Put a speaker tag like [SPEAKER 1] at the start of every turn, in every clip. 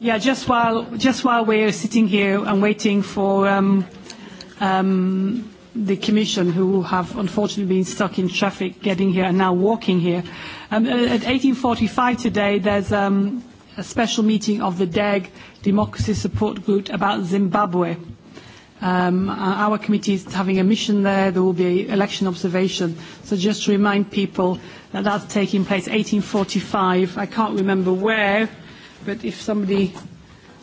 [SPEAKER 1] Yeah, just while just while we're sitting here and waiting for um, um, the Commission, who have unfortunately been stuck in traffic getting here and now walking here, um, at 18:45 today, there's um, a special meeting of the DEG Democracy Support Group about Zimbabwe Um, our committee is having a mission there. There will be election observation. So just to remind people that that's taking place 1845. I can't remember where, but if somebody,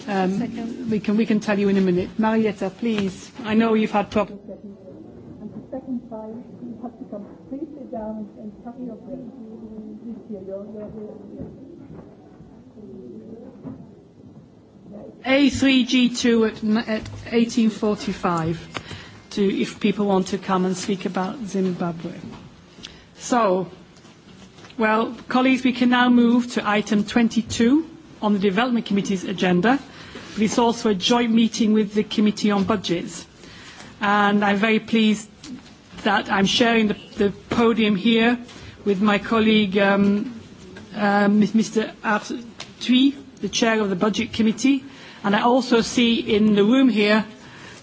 [SPEAKER 1] um, we can we can tell you in a minute. Marietta, please. I know you've had problems. And the second time, you have to come, please sit down and cover your face. A3G2 at, at 1845 to, if people want to come and speak about Zimbabwe. So, well, colleagues, we can now move to item 22 on the Development Committee's agenda, but it's also a joint meeting with the Committee on Budgets. And I'm very pleased that I'm sharing the, the podium here with my colleague, um, uh, Mr. Artui, the Chair of the Budget Committee, And I also see in the room here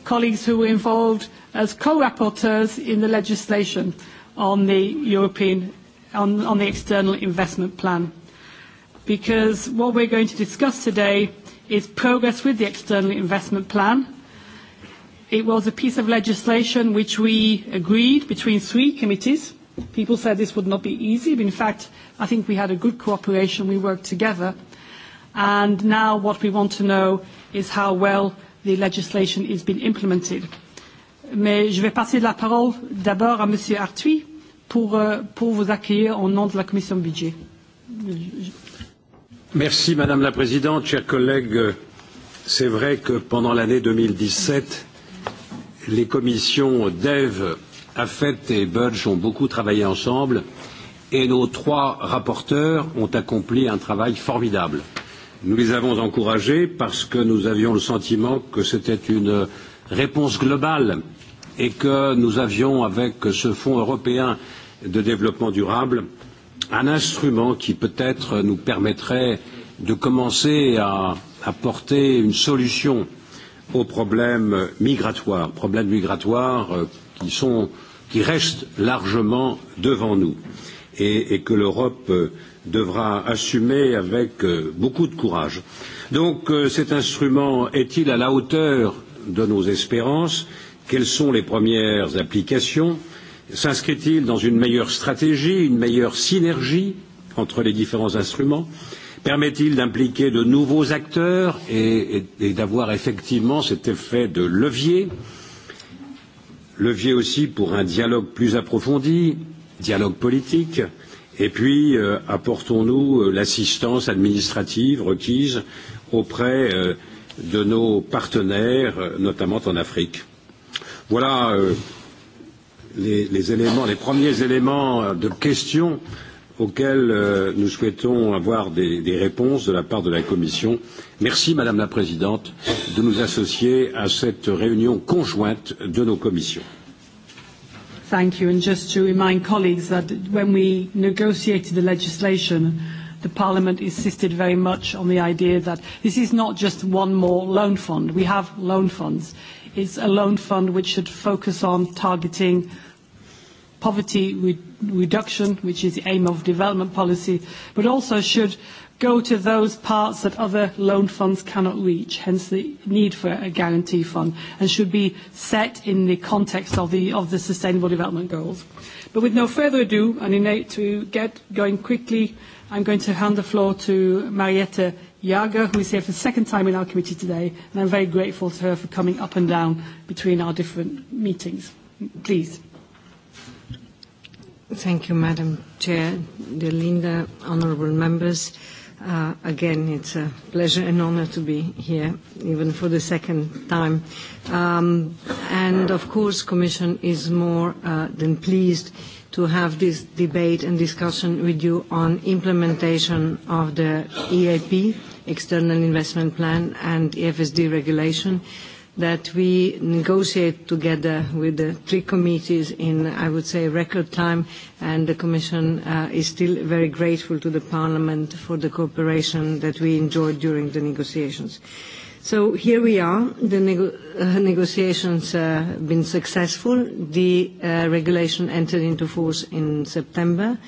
[SPEAKER 1] colleagues who were involved as co-rapporteurs in the legislation on the European, on, on the external investment plan. Because what we're going to discuss today is progress with the external investment plan. It was a piece of legislation which we agreed between three committees. People said this would not be easy, but in fact, I think we had a good cooperation. We worked together And now what we want to know is how well the legislation is being implemented. Mais je vais passer la parole d'abord à Monsieur Artuis pour, pour vous accueillir au nom de la Commission budget.
[SPEAKER 2] Merci Madame la Présidente, chers collègues. C'est vrai que pendant l'année 2017, les commissions DEV, AFET et Budge ont beaucoup travaillé ensemble et nos trois rapporteurs ont accompli un travail formidable. Nous les avons encouragés parce que nous avions le sentiment que c'était une réponse globale et que nous avions, avec ce Fonds européen de développement durable, un instrument qui peut-être nous permettrait de commencer à apporter une solution aux problèmes migratoires, problèmes migratoires qui, sont, qui restent largement devant nous. Euh, et, et que l'Europe devra assumer avec beaucoup de courage. Donc cet instrument est-il à la hauteur de nos espérances Quelles sont les premières applications S'inscrit-il dans une meilleure stratégie, une meilleure synergie entre les différents instruments Permet-il d'impliquer de nouveaux acteurs et, et, et d'avoir effectivement cet effet de levier Levier aussi pour un dialogue plus approfondi dialogue politique, et puis apportons-nous l'assistance administrative requise auprès de nos partenaires, notamment en Afrique. Voilà les, les, éléments, les premiers éléments de questions auxquels nous souhaitons avoir des, des réponses de la part de la Commission. Merci, Madame la Présidente, de nous associer à cette réunion conjointe de nos commissions.
[SPEAKER 1] Thank you. And just to remind colleagues that when we negotiated the legislation, the Parliament insisted very much on the idea that this is not just one more loan fund. We have loan funds. It's a loan fund which should focus on targeting poverty re- reduction, which is the aim of development policy, but also should go to those parts that other loan funds cannot reach, hence the need for a guarantee fund, and should be set in the context of the, of the Sustainable Development Goals. But with no further ado, and in to get going quickly, I'm going to hand the floor to Marietta Jager, who is here for the second time in our committee today, and I'm very grateful to her for coming up and down
[SPEAKER 3] between our different meetings. Please. Thank you, Madam Chair, dear Linda, honourable members again, it's a pleasure and honor to be here, even for the second time. Um, and of course, Commission is more uh, than pleased to have this debate and discussion with you on implementation of the EAP, External Investment Plan, and EFSD regulation that we negotiate together with the three committees in, I would say, record time, and the Commission uh, is still very grateful to the Parliament for the cooperation that we enjoyed during the negotiations. So here we are. The uh, negotiations have uh, been successful. The uh, regulation entered into force in September.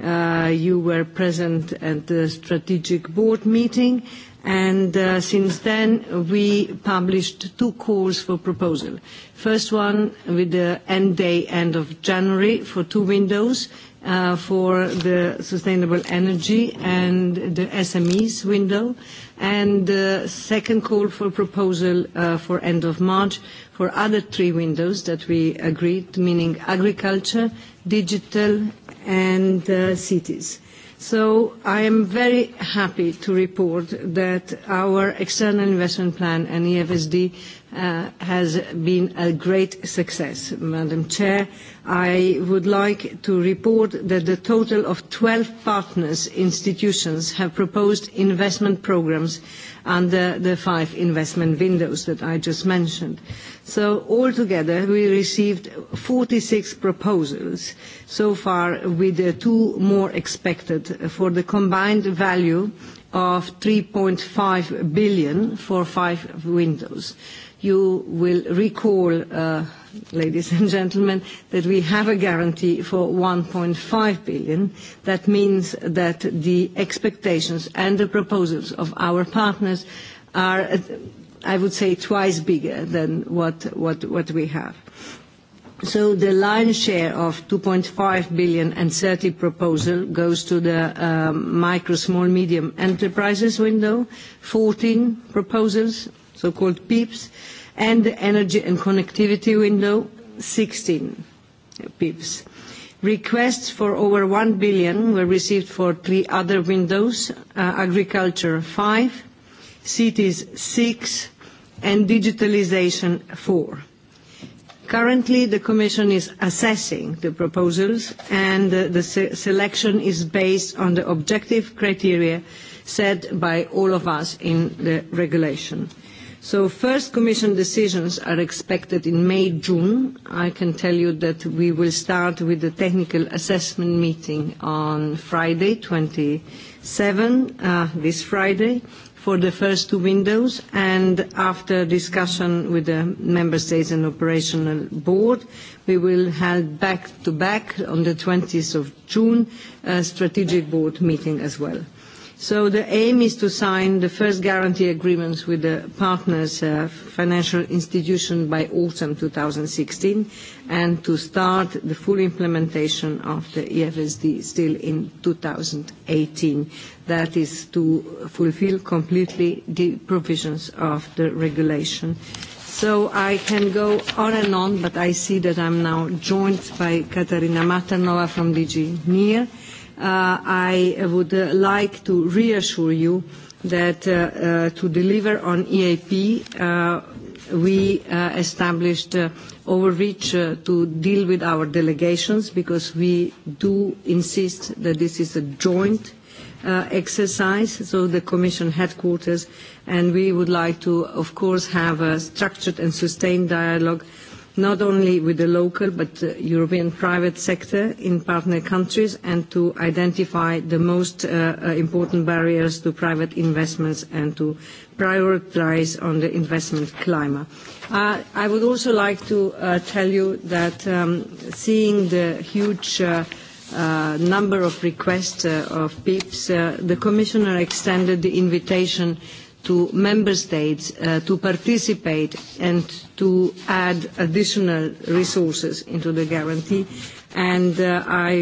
[SPEAKER 3] Uh, you were present at the strategic board meeting And uh, since then, we published two calls for proposal. First one with the end day, end of January, for two windows uh, for the sustainable energy and the SMEs window. And the second call for proposal uh, for end of March for other three windows that we agreed, meaning agriculture, digital, and uh, cities So I am very happy to report that our external investment plan and EFSD has been a great success. Madam Chair, I would like to report that the total of twelve partners institutions have proposed investment programmes under the five investment windows that I just mentioned. So altogether, we received forty six proposals so far, with two more expected for the combined value of EUR three five billion for five windows. You will recall, uh, ladies and gentlemen, that we have a guarantee for 1.5 billion. That means that the expectations and the proposals of our partners are, I would say, twice bigger than what, what, what we have. So The lion's share of 2.5 billion and 30 proposal goes to the micro, small, medium enterprises window, 14 proposals so-called PEEPs, and the energy and connectivity window, 16 PEEPs. Requests for over 1 billion were received for three other windows, agriculture, 5, cities, 6, and digitalization, 4. Currently, the Commission is assessing the proposals, and the selection is based on the objective criteria set by all of us in the regulation. So first Commission decisions are expected in May, June. I can tell you that we will start with the technical assessment meeting on Friday, 27, uh, this Friday, for the first two windows, and after discussion with the member states and operational board, we will have back-to-back on the 20th of June a strategic board meeting as well. So the aim is to sign the first guarantee agreements with the partners, uh, financial institution by autumn 2016 and to start the full implementation of the EFSD still in 2018. That is to fulfill completely the provisions of the regulation. So I can go on and on, but I see that I'm now joined by Katarina Matanova from DG NIR, I would like to reassure you that to deliver on EAP, we established overreach to deal with our delegations because we do insist that this is a joint exercise, so the Commission headquarters, and we would like to, of course, have a structured and sustained dialogue not only with the local but European private sector in partner countries and to identify the most important barriers to private investments and to prioritize on the investment climate. I would also like to tell you that seeing the huge number of requests of PIPs, the Commissioner extended the invitation to member states to participate and to add additional resources into the guarantee. And I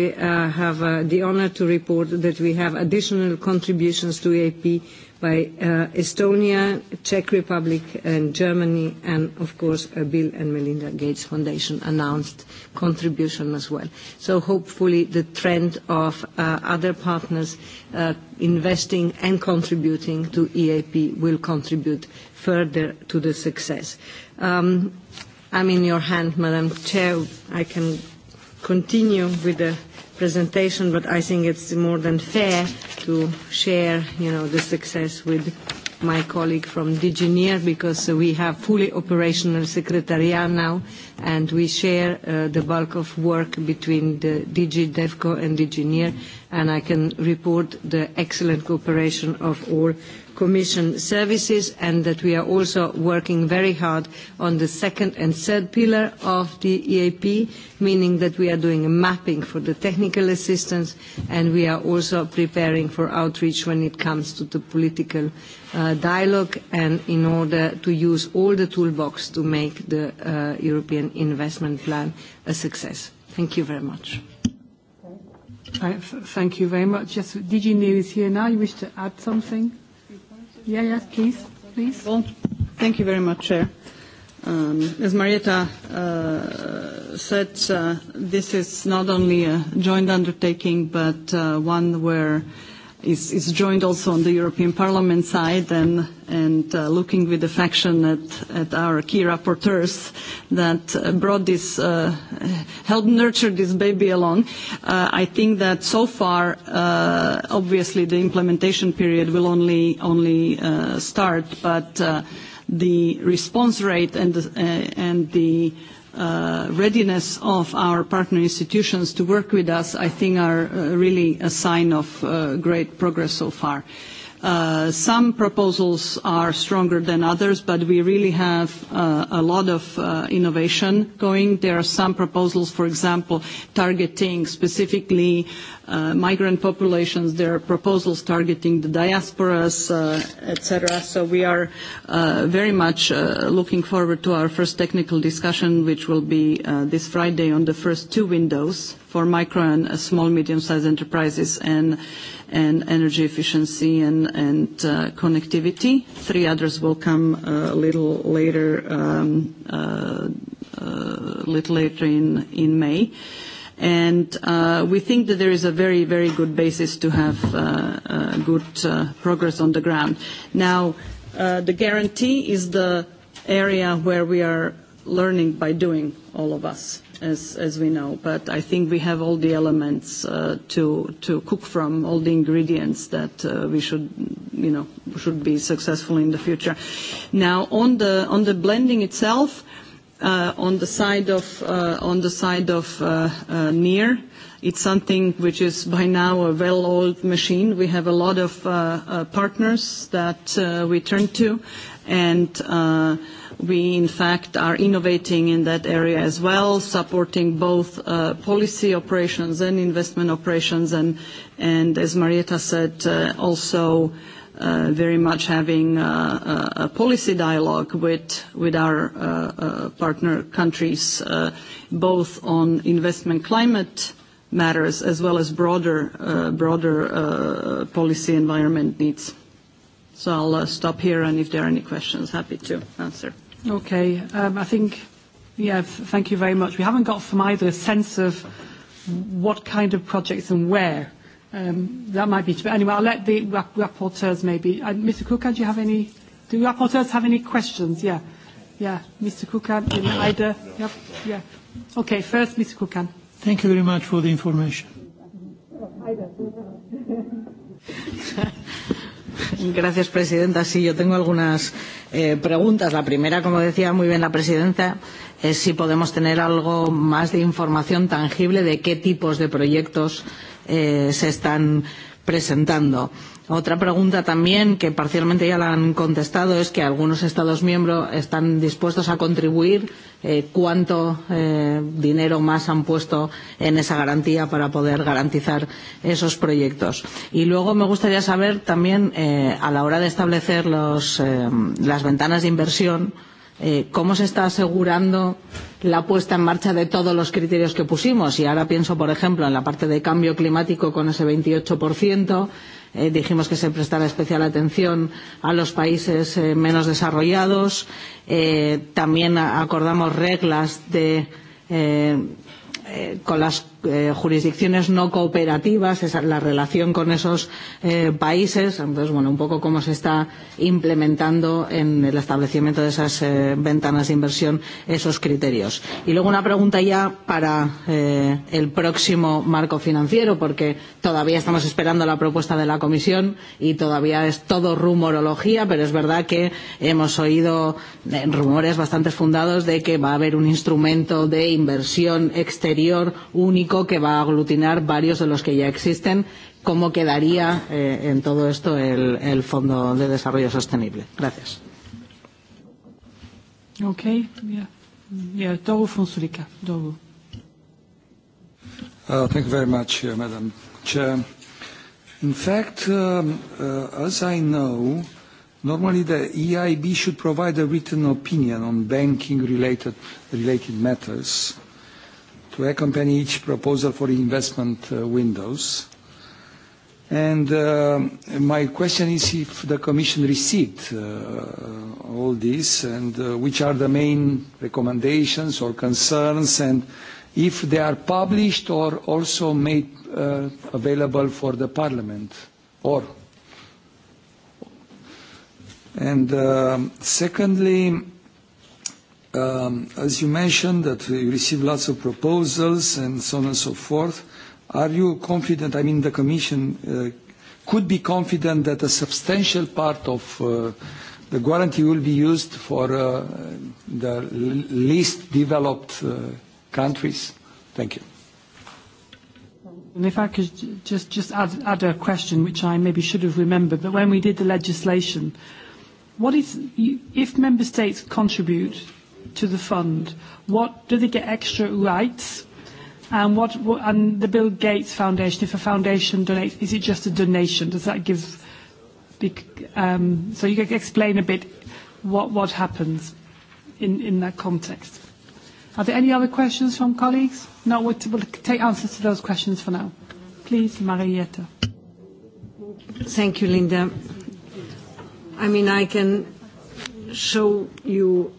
[SPEAKER 3] have the honour to report that we have additional contributions to AP by uh, Estonia, Czech Republic, and Germany, and of course, a Bill and Melinda Gates Foundation announced contribution as well. So hopefully, the trend of uh, other partners uh, investing and contributing to EAP will contribute further to the success. Um, I'm in your hand, Madam Chair. I can continue with the presentation, but I think it's more than fair to share, you know, the success with my colleague from Digineer because we have fully operational secretariat now and we share uh, the bulk of work between the DG DevCo and Digineer and I can report the excellent cooperation of all Commission services and that we are also working very hard on the second and third pillar of the EAP, meaning that we are doing a mapping for the technical assistance and we are also preparing for outreach when it comes to the political dialogue and in order to use all the toolbox to make the European investment plan a success. Thank you very much. Thank you very much. Yes, DG News here now. You wish to add something?
[SPEAKER 1] Yeah, yeah, please, please. Well,
[SPEAKER 4] thank you very much, Chair. Um, as Marietta uh, said, uh, this is not only a joint undertaking, but uh, one where is, is joined also on the European Parliament side and, and uh, looking with affection at, at our key rapporteurs that uh, brought this, uh, helped nurture this baby along. Uh, I think that so far, uh, obviously, the implementation period will only, only uh, start, but uh, the response rate and the, uh, and the readiness of our partner institutions to work with us, I think are really a sign of great progress so far. Some proposals are stronger than others, but we really have a lot of innovation going. There are some proposals, for example, targeting specifically migrant populations. There are proposals targeting the diasporas, et cetera. So we are very much looking forward to our first technical discussion, which will be this Friday on the first two windows for micro and small medium-sized enterprises and and energy efficiency and, and uh, connectivity. Three others will come a little later, um, uh, uh, little later in, in May. And uh, we think that there is a very, very good basis to have uh, uh, good uh, progress on the ground. Now, uh, the guarantee is the area where we are learning by doing, all of us as, as we know. But I think we have all the elements uh, to, to cook from, all the ingredients that uh, we should, you know, should be successful in the future. Now, on the, on the blending itself, uh, on the side of, uh, on the side of uh, uh, near, It's something which is by now a well-oiled machine. We have a lot of uh, uh, partners that uh, we turn to, and uh, We, in fact, are innovating in that area as well, supporting both policy operations and investment operations, and as Marietta said, also very much having a policy dialogue with our partner countries, both on investment climate matters as well as broader policy environment needs. So I'll stop here, and if there are any questions, happy to answer.
[SPEAKER 1] Okay. Um, I think, yeah, thank you very much. We haven't got from either a sense of what kind of projects and where. Um, that might be, but anyway, I'll let the rap- rapporteurs maybe. Uh, Mr. Kukan, do you have any, do rapporteurs have any questions? Yeah. Yeah. Mr. Kukan, in either. Yep. Yeah. Okay, first, Mr. Kukan.
[SPEAKER 5] Thank you very much for the information.
[SPEAKER 6] Gracias, presidenta. Sí, yo tengo algunas eh, preguntas. La primera, como decía muy bien la presidenta, es si podemos tener algo más de información tangible de qué tipos de proyectos eh, se están presentando. Eh, Otra pregunta también, que parcialmente ya la han contestado, es que algunos Estados miembros están dispuestos a contribuir. Eh, ¿Cuánto eh, dinero más han puesto en esa garantía para poder garantizar esos proyectos? Y luego me gustaría saber también, eh, a la hora de establecer los, eh, las ventanas de inversión, eh, cómo se está asegurando la puesta en marcha de todos los criterios que pusimos. Y ahora pienso, por ejemplo, en la parte de cambio climático con ese 28%, eh, dijimos que se prestara especial atención a los países eh, menos desarrollados. Eh, también acordamos reglas de, eh, eh, con las jurisdicciones no cooperativas, esa, la relación con esos eh, países, entonces, bueno, un poco cómo se está implementando en el establecimiento de esas eh, ventanas de inversión esos criterios. Y luego una pregunta ya para eh, el próximo marco financiero, porque todavía estamos esperando la propuesta de la Comisión y todavía es todo rumorología, pero es verdad que hemos oído eh, rumores bastante fundados de que va a haber un instrumento de inversión exterior único único que va a aglutinar varios de los que ya existen. ¿Cómo quedaría eh, en todo esto el, el Fondo de Desarrollo
[SPEAKER 5] Sostenible? Gracias.
[SPEAKER 1] Ok. Yeah. Yeah.
[SPEAKER 5] Uh, thank you very much, uh, Madam Chair. In fact, um, uh, as I know, normally the EIB should provide a written opinion on banking-related related matters to accompany each proposal for investment windows. And my question is if the Commission received all this and which are the main recommendations or concerns and if they are published or also made available for the Parliament or and secondly Um, as you mentioned that you received lots of proposals and so on and so forth, are you confident, I mean the Commission uh, could be confident that a substantial part of uh, the guarantee will be used for uh, the least developed uh, countries? Thank you.
[SPEAKER 1] And if I could just, just add, add a question, which I maybe should have remembered, but when we did the legislation, what is, if member states contribute to the fund? What do they get extra rights? And what and the Bill Gates Foundation, if a foundation donates, is it just a donation? Does that give? Um, so you can explain a bit what what happens in in that context. Are there any other questions from colleagues? No, we'll take answers to those questions for now.
[SPEAKER 3] Please, Marietta. Thank you, Linda. I mean, I can show you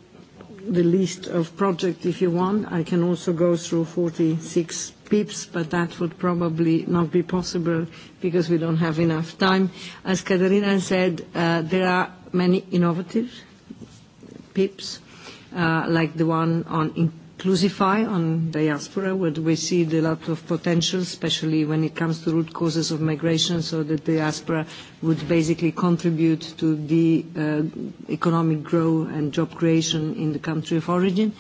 [SPEAKER 3] the list of projects if you want. I can also go through 46 PIPs, but that would probably not be possible because we don't have enough time. As Caterina said, uh, there are many innovative PIPs, uh, like the one on Clusify on diaspora, where we see a lot of potential, especially when it comes to root causes of migration, so that diaspora would basically contribute to the uh, economic growth and job creation in the country of origin.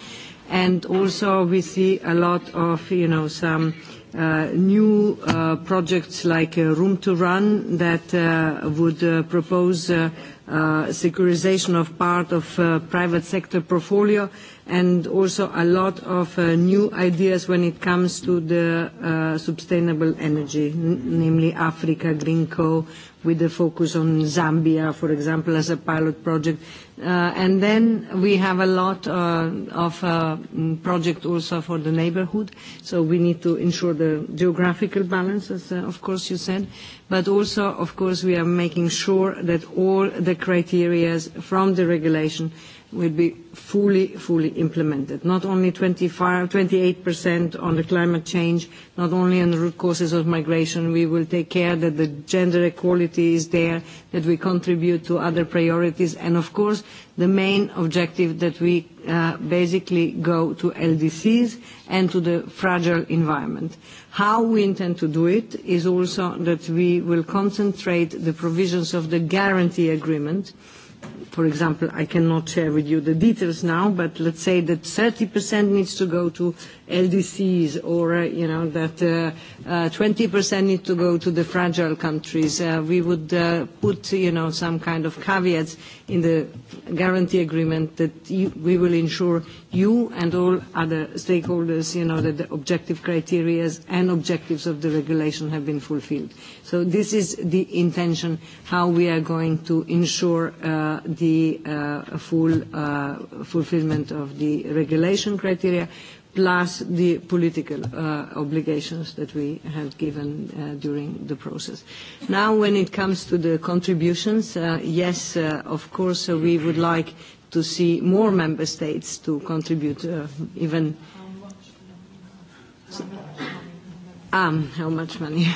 [SPEAKER 3] And also we see a lot of, you know, some uh, new uh, projects like uh, Room to Run that uh, would uh, propose uh, securitization of part of private sector portfolio, and also a lot of new ideas when it comes to the sustainable energy, namely Africa Green Co, with the focus on Zambia, for example, as a pilot project. And then we have a lot of project also for the neighborhood, so we need to ensure the geographical balance, as of course you said but also, of course, we are making sure that all the criteria from the regulation will be fully, fully implemented. Not only 28% on the climate change, not only on the root causes of migration, we will take care that the gender equality is there, that we contribute to other priorities, and of course, the main objective that we uh, basically go to LDCs and to the fragile environment. How we intend to do it is also that we will concentrate the provisions of the guarantee agreement for example, I cannot share with you the details now, but let's say that 30% needs to go to LDCs or, you know, that uh, uh, 20% need to go to the fragile countries. Uh, we would uh, put, you know, some kind of caveats in the guarantee agreement that you, we will ensure you and all other stakeholders, you know, that the objective criteria and objectives of the regulation have been fulfilled. So this is the intention, how we are going to ensure uh, the uh, full uh, fulfillment of the regulation criteria, plus the political uh, obligations that we have given uh, during the process. Now, when it comes to the contributions, uh, yes, uh, of course, uh, we would like to see more member states to contribute uh, even. Um, how much money?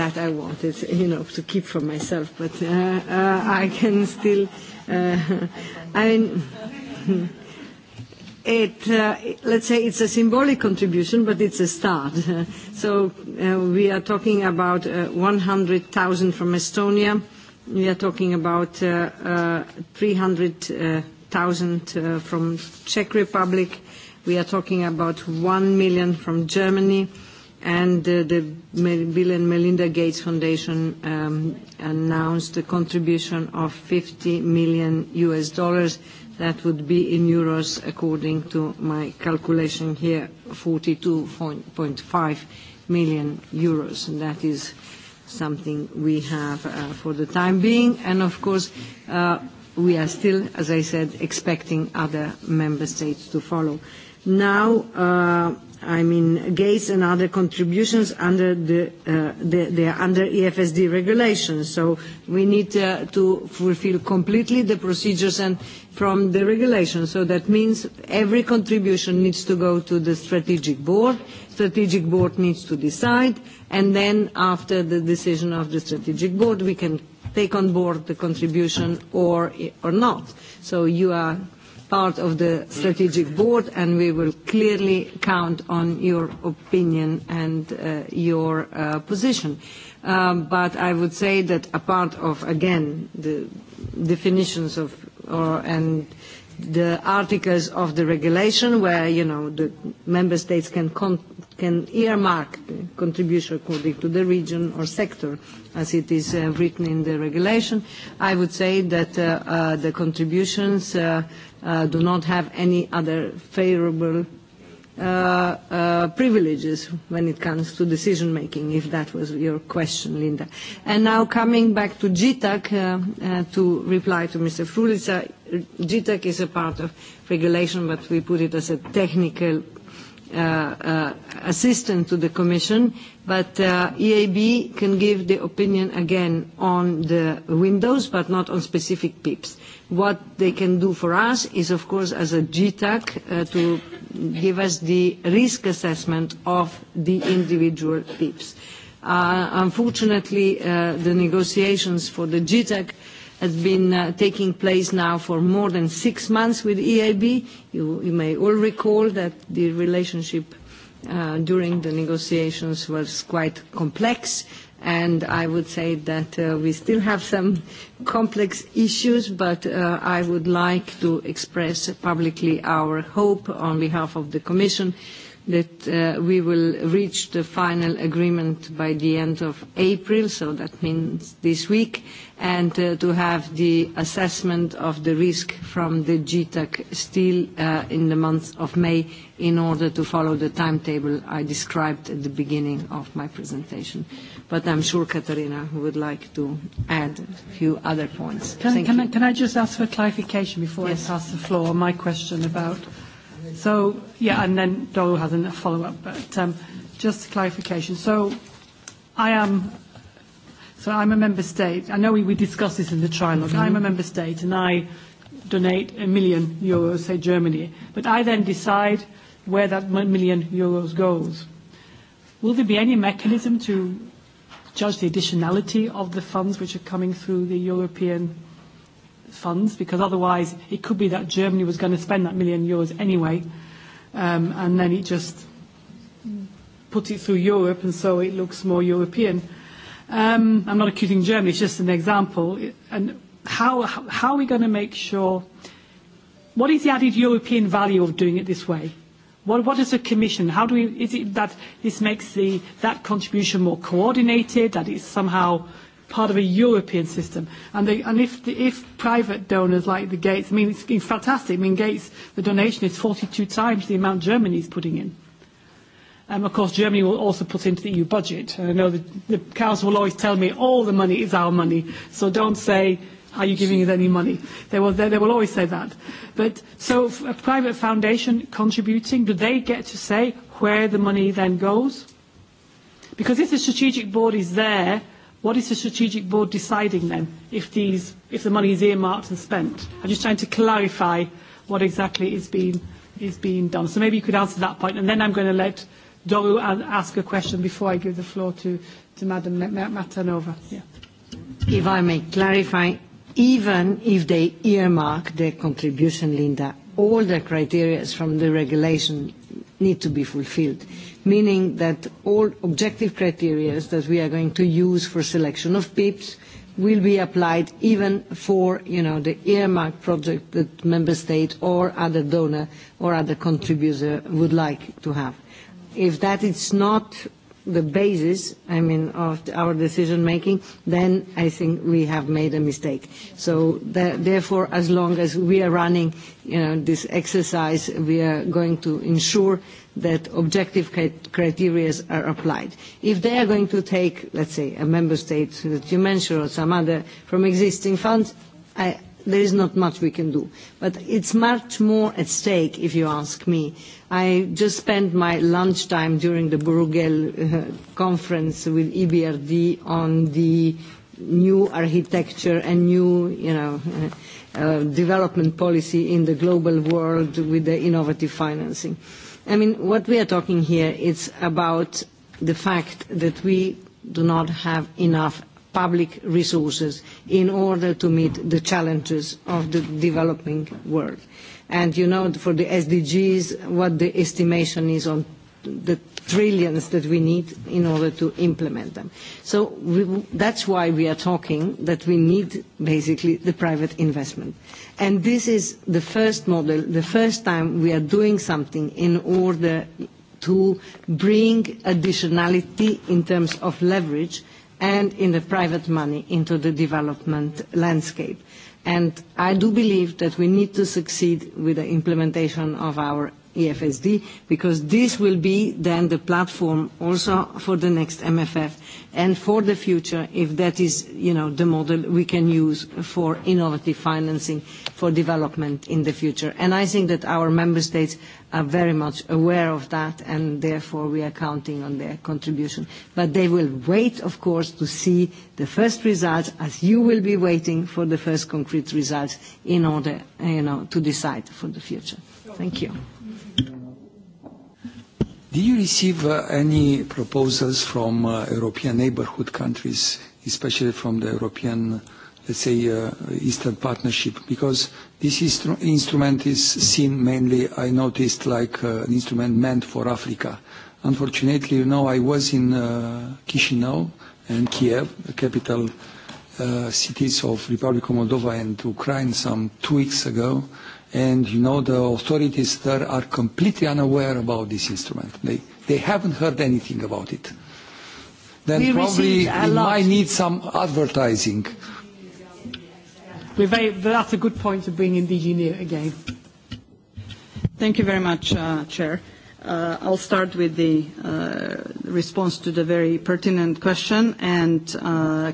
[SPEAKER 3] that I wanted, you know, to keep for myself, but uh, uh, I can still. Uh, I mean. It, uh, let's say it's a symbolic contribution, but it's a start. so uh, we are talking about uh, 100,000 from Estonia. We are talking about uh, uh, 300,000 uh, from Czech Republic. We are talking about 1 million from Germany and uh, the Bill and Melinda Gates Foundation um, announced a contribution of 50 million US dollars That would be in euros, according to my calculation here, 42.5 million euros. and That is something we have uh for the time being. and Of course, uh we are still, as I said, expecting other member states to follow. Now, uh I mean, gates and other contributions under the, uh, the, the under EFSD regulations. So we need uh, to fulfill completely the procedures and from the regulation. So that means every contribution needs to go to the strategic board. Strategic board needs to decide, and then after the decision of the strategic board, we can take on board the contribution or or not. So you are part of the strategic board, and we will clearly count on your opinion and your position. but I would say that apart of, again, the definitions of or, and the articles of the regulation where, you know, the member states can, con can earmark contribution according to the region or sector as it is uh, written in the regulation, I would say that uh, uh, the contributions uh, uh, do not have any other favorable uh, uh, privileges when it comes to decision making, if that was your question, Linda. And now coming back to GTAC uh, uh, to reply to Mr. Frulica, GTAC is a part of regulation, but we put it as a technical uh, assistant to the Commission, but uh, EAB can give the opinion again on the windows, but not on specific PIPs. What they can do for us is, of course, as a GTAC, uh, to give us the risk assessment of the individual PIPs. Uh, unfortunately, uh, the negotiations for the GTAC has been taking place now for more than six months with EIB. You may all recall that the relationship during the negotiations was quite complex, and I would say that we still have some complex issues, but I would like to express publicly our hope on behalf of the Commission that we will reach the final agreement by the end of April, so that means this week, and to have the assessment of the risk from the GTAC still in the month of May in order to follow the timetable I described at the beginning of my presentation. But I'm sure Katarina would like to add a few other points. Can
[SPEAKER 1] I just ask for clarification before I pass the floor on my question about... So, yeah, and then Doro has a follow-up, but just clarification. So I am So I'm a member state. I know we, we discussed this in the trilogue. Mm-hmm. I'm a member state and I donate a million euros, say Germany. But I then decide where that million euros goes. Will there be any mechanism to judge the additionality of the funds which are coming through the European funds? Because otherwise it could be that Germany was going to spend that million euros anyway um, and then it just puts it through Europe and so it looks more European Um, I'm not accusing Germany, it's just an example. And how, how are we going to make sure? What is the added European value of doing it this way? What, what is the Commission? How do we, is it that this makes the, that contribution more coordinated, that it's somehow part of a European system? And, the, and if, the, if private donors like the Gates, I mean, it's, it's fantastic. I mean, Gates, the donation is 42 times the amount Germany is putting in. Um, of course, Germany will also put into the EU budget. And I know the, the Council will always tell me all the money is our money, so don't say, are you giving us any money? They will, they, they will always say that. But so a private foundation contributing, do they get to say where the money then goes? Because if the strategic board is there, what is the strategic board deciding then if, these, if the money is earmarked and spent? I'm just trying to clarify what exactly is being, is being done. So maybe you could answer that point, and then I'm going to let Doru ask a question before I give the floor to, to Madam Matanova. Yeah.
[SPEAKER 3] If I may clarify, even if they earmark their contribution, Linda, all the criteria from the regulation need to be fulfilled, meaning that all objective criteria that we are going to use for selection of PIPs will be applied even for you know, the earmarked project that member state or other donor or other contributor would like to have if that is not the basis, I mean, of our decision-making, then I think we have made a mistake. So therefore, as long as we are running, you know, this exercise, we are going to ensure that objective criteria are applied. If they are going to take, let's say, a member state that you mentioned or some other from existing funds, I there is not much we can do. But it's much more at stake, if you ask me. I just spent my lunchtime during the Bruegel uh, conference with EBRD on the new architecture and new, you know, uh, uh, development policy in the global world with the innovative financing. I mean, what we are talking here is about the fact that we do not have enough public resources in order to meet the challenges of the developing world. And you know, for the SDGs, what the estimation is on the trillions that we need in order to implement them. So we, that's why we are talking that we need basically the private investment. And this is the first model, the first time we are doing something in order to bring additionality in terms of leverage and in the private money into the development landscape. And I do believe that we need to succeed with the implementation of our EFSD, because this will be then the platform also for the next MFF and for the future, if that is, you know, the model we can use for innovative financing for development in the future. And I think that our member states are very much aware of that, and therefore we are counting on their contribution. But they will wait, of course, to see the first results, as you will be waiting for the first concrete results in order, you know, to decide for the future. Thank you.
[SPEAKER 5] Do you receive uh, any proposals from uh, European neighborhood countries, especially from the European, let's say, uh, Eastern Partnership? Because this instru instrument is seen mainly, I noticed, like uh, an instrument meant for Africa. Unfortunately, you know, I was in uh, Chisinau and Kiev, the capital uh, cities of Republic of Moldova and Ukraine, some two weeks ago, And, you know, the authorities there are completely unaware about this instrument. They, they haven't heard anything about it. Then we probably it might need some advertising. very,
[SPEAKER 1] that's a good point to bring in DG again. Thank you very much, uh,
[SPEAKER 4] Chair. Uh, I'll start with the uh, response to the very pertinent question. And uh,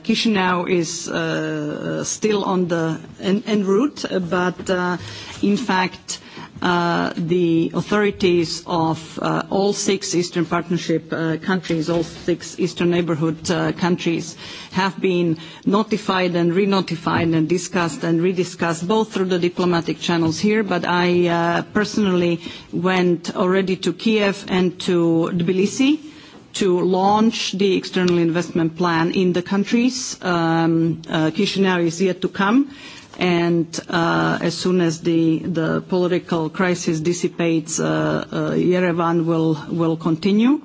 [SPEAKER 4] is uh, still on the en, en route, but uh, in fact, the authorities of all six Eastern Partnership countries, all six Eastern Neighbourhood countries, have been notified and re-notified and discussed and rediscussed, both through the diplomatic channels here, but I personally went already to Kiev and to Tbilisi, to launch the external investment plan in the countries. Chișinău is yet to come and uh, as soon as the, the political crisis dissipates, uh, uh, Yerevan will, will continue.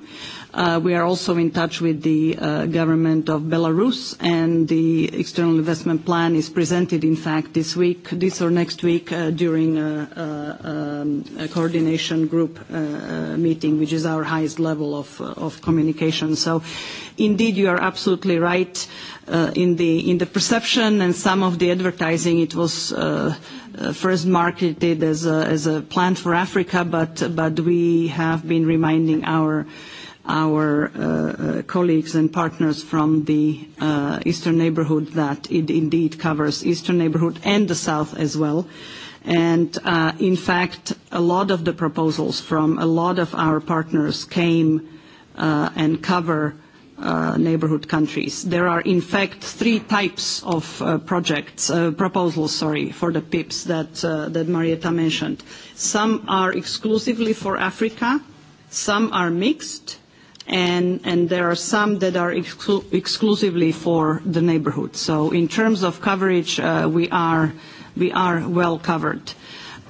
[SPEAKER 4] We are also in touch with the government of Belarus, and the external investment plan is presented, in fact, this week, this or next week, during a coordination group meeting, which is our highest level of communication. So indeed, you are absolutely right in the perception and some of the advertising. It was first marketed as a plan for Africa, but we have been reminding our our colleagues and partners from the Eastern Neighbourhood that it indeed covers Eastern Neighbourhood and the South as well. And in fact, a lot of the proposals from a lot of our partners came and cover neighbourhood countries. There are, in fact, three types of projects, proposals, sorry, for the PIPs that Marietta mentioned. Some are exclusively for Africa, some are mixed, and, and there are some that are exclusively for the neighborhood. So in terms of coverage, we, are, we are well covered.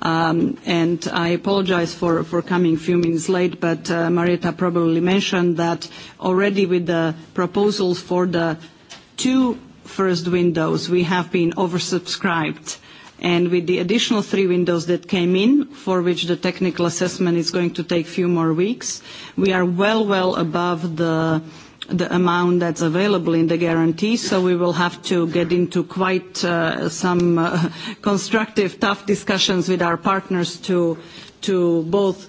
[SPEAKER 4] and I apologize for, for coming a few minutes late, but Marieta Marietta probably mentioned that already with the proposals for the two first windows, we have been oversubscribed and with the additional three windows that came in, for which the technical assessment is going to take a few more weeks, we are well, well above the amount that's available in the guarantee, so we will have to get into quite some constructive, tough discussions with our partners to both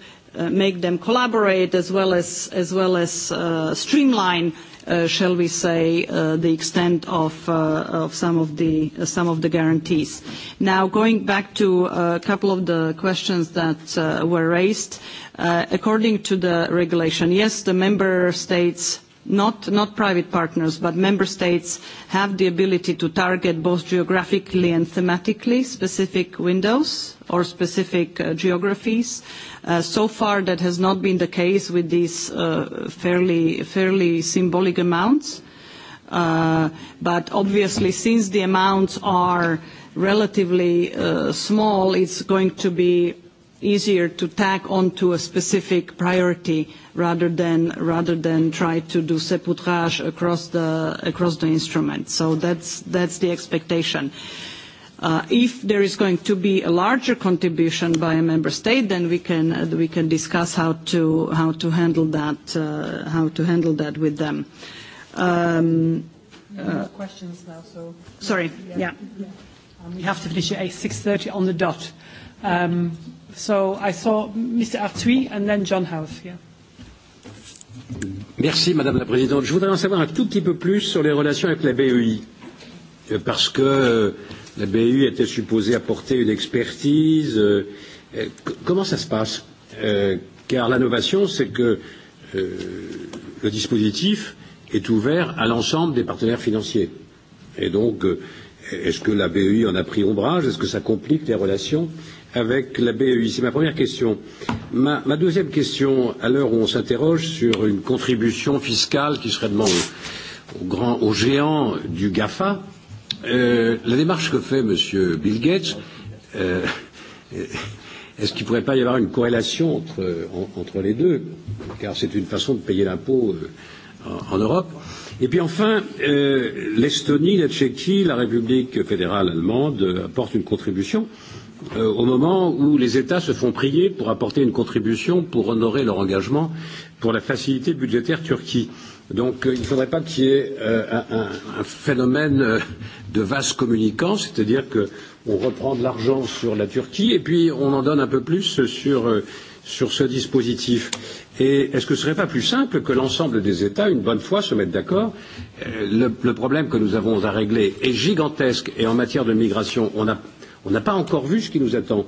[SPEAKER 4] make them collaborate as well as streamline shall we say, the extent of some of the guarantees. Now, going back to a couple of the questions that were raised. According to the regulation, yes, the member states not, private partners, but member states have the ability to target both geographically and thematically specific windows or specific geographies. so far, that has not been the case with these fairly, symbolic amounts. but obviously, since the amounts are relatively small, it's going to be easier to tack onto a specific priority rather than rather than try to do sepoutrage across the across the instrument. So that's that's the expectation. if there is going to be a larger contribution by a member state, then we can we can discuss how to how to handle that how to handle that with them.
[SPEAKER 1] questions now. So sorry. Yeah. we have to finish at 6:30 on the dot. Um, so I saw Mr. Artui and then John House. Yeah.
[SPEAKER 2] Merci Madame la Présidente. Je voudrais en savoir un tout petit peu plus sur les relations avec la BEI, parce que la BEI était supposée apporter une expertise. Comment ça se passe Car l'innovation, c'est que le dispositif est ouvert à l'ensemble des partenaires financiers. Et donc, est-ce que la BEI en a pris ombrage Est-ce que ça complique les relations euh, avec la BEI. C'est ma première question. Ma, ma deuxième question, à l'heure où on s'interroge sur une contribution fiscale qui serait demandée aux, grands, aux géants du GAFA, euh, la démarche que fait M. Bill Gates, euh, est-ce qu'il ne pourrait pas y avoir une corrélation entre, en, entre les deux Car c'est une façon de payer l'impôt euh, en, en Europe. Et puis enfin, euh, l'Estonie, la Tchéquie, la République fédérale allemande apportent une contribution. Euh, au moment où les États se font prier pour apporter une contribution pour honorer leur engagement pour la facilité budgétaire Turquie. Donc il ne faudrait pas qu'il y ait un, phénomène de vase communicant, c'est-à-dire qu'on reprend de l'argent sur la Turquie et puis on en donne un peu plus sur, sur ce dispositif. Et est-ce que ce ne serait pas plus simple que l'ensemble des États, une bonne fois, se mettent d'accord le, le problème que nous avons à régler est gigantesque et en matière de migration, on n'a On n'a pas encore vu ce qui nous attend.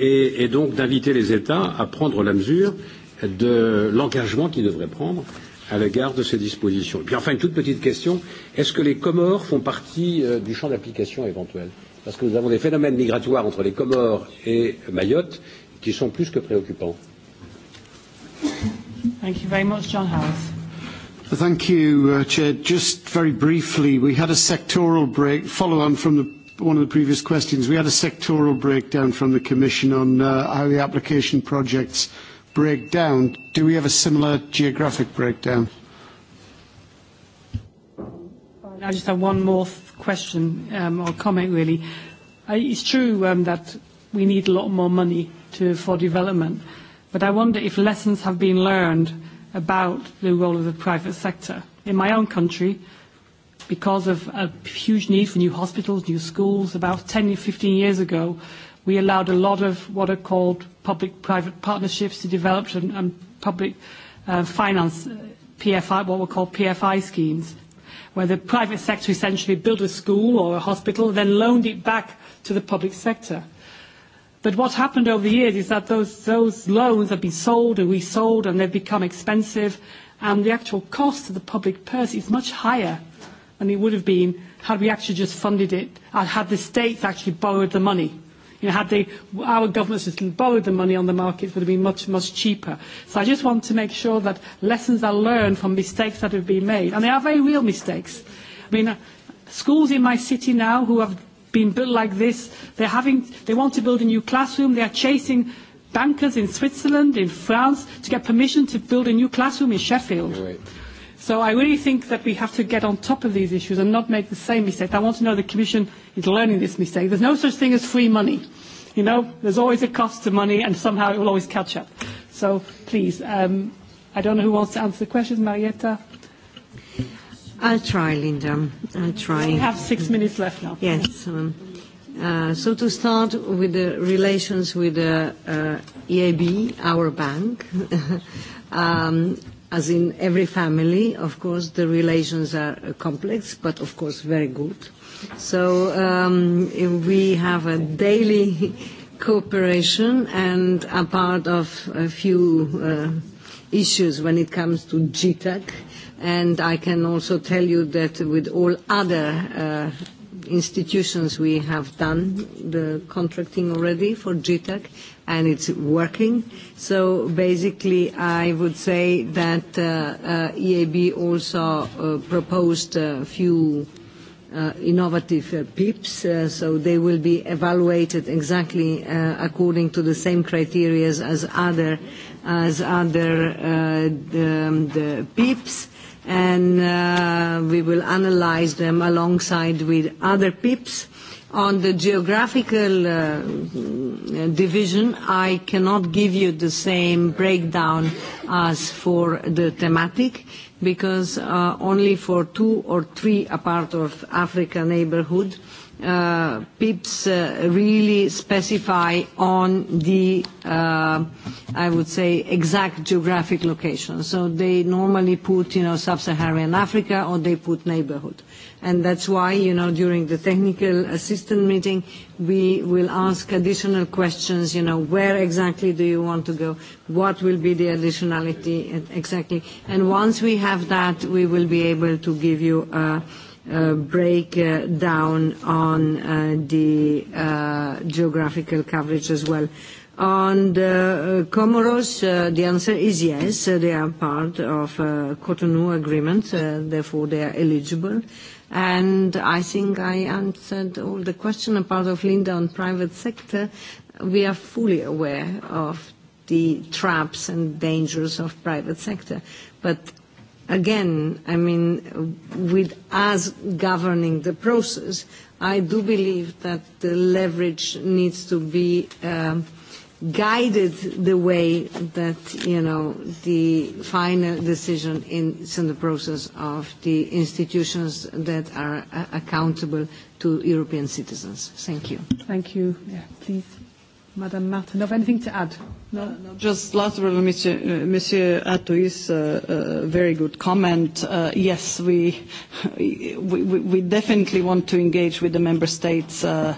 [SPEAKER 2] Et, et donc d'inviter les États à prendre la mesure de l'engagement qu'ils devraient prendre à l'égard de ces dispositions. Et puis enfin, une toute petite question. Est-ce que les Comores font partie euh, du champ d'application éventuel Parce que nous avons des phénomènes migratoires entre les Comores et Mayotte qui sont plus que préoccupants.
[SPEAKER 1] Thank you very much, John
[SPEAKER 5] Thank you, uh, Chair. Just very briefly, we had a sectoral break, follow on from the one of the previous questions, we had a sectoral breakdown from the Commission on how the application projects break down. Do we have a similar geographic breakdown?
[SPEAKER 1] I just have one more question um, or comment, really. It's true um, that we need a lot more money to, for development, but I wonder if lessons have been learned about the role of the private sector. In my own country, because of a huge need for new hospitals, new schools, about 10, 15 years ago, we allowed a lot of what are called public-private partnerships to develop and, and public uh, finance, PFI, what we call PFI schemes, where the private sector essentially built a school or a hospital, then loaned it back to the public sector. But what happened over the years is that those, those loans have been sold and resold and they've become expensive and the actual cost to the public purse is much higher than it would have been had we actually just funded it and had the states actually borrowed the money. You know, had they, our government system borrowed the money on the markets would have been much, much cheaper. So I just want to make sure that lessons are learned from mistakes that have been made. And they are very real mistakes. I mean, schools in my city now who have been built like this, they're having, they want to build a new classroom, they are chasing bankers in Switzerland, in France, to get permission to build a new classroom in Sheffield. So I really think that we have to get on top of these issues and not make the same mistake. I want to know the Commission is learning this mistake. There's no such thing as free money. You know, there's always a cost to money and somehow it will always catch up. So please, um, I don't know who wants to answer the questions. Marietta?
[SPEAKER 3] I'll try, Linda. I'll try. We have six minutes left now. Yes. Um, uh, so to start with the relations with the uh, EAB, our bank, um, as in every family, of course, the relations are complex, but of course very good. So um, we have a daily cooperation and are part of a few uh, issues when it comes to GTAC. And I can also tell you that with all other uh institutions, we have done the contracting already for GTAC, and it's working. So basically, I would say that uh, uh, EAB also uh, proposed a few uh, innovative uh, PIPs, uh, so they will be evaluated exactly uh, according to the same criteria as other, as other uh, the, the PIPs and uh, we will analyze them alongside with other PIPs. On the geographical uh, division, I cannot give you the same breakdown as for the thematic because uh, only for two or three apart of Africa neighborhood PIPs really specify on the, I would say, exact geographic location. So they normally put, you know, sub-Saharan Africa, or they put neighborhood. And that's why, you know, during the technical assistant meeting, we will ask additional questions, you know, where exactly do you want to go? What will be the additionality exactly? And once we have that, we will be able to give you a breakdown on the geographical coverage as well. On the Comoros, the answer is yes. They are part of a Cotonou agreement, therefore they are eligible. And I think I answered all the question apart of Linda on private sector. We are fully aware of the traps and dangers of private sector, but again, I mean, with us governing the process, I do believe that the leverage needs to be um, guided the way that, you know, the final decision in, is in the process of the institutions that are uh, accountable to European citizens. Thank you. Thank you.
[SPEAKER 1] Yeah, please. Madame Martin, have anything to add? No, no
[SPEAKER 3] just last word, Monsieur,
[SPEAKER 4] uh, Monsieur Atouis, uh, uh, very good comment. Uh, yes, we, we, we definitely want to engage with the member states uh,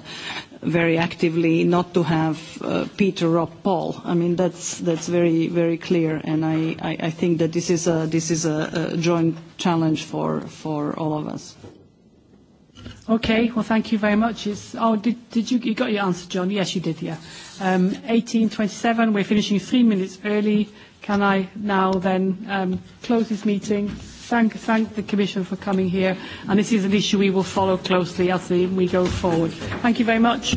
[SPEAKER 4] very actively, not to have uh, Peter, Rob, Paul. I mean, that's, that's very, very clear, and I, I, I think that this is a, this is a, a joint challenge for, for all of us.
[SPEAKER 1] Okay. Well, thank you very much. It's, oh, did, did you, you got your answer, John? Yes, you did, yeah. Um, 18.27, we're finishing three minutes early. Can I now then um, close this meeting? Thank, thank the Commission for coming here. And this is an issue we will follow closely as we go forward. Thank you very much.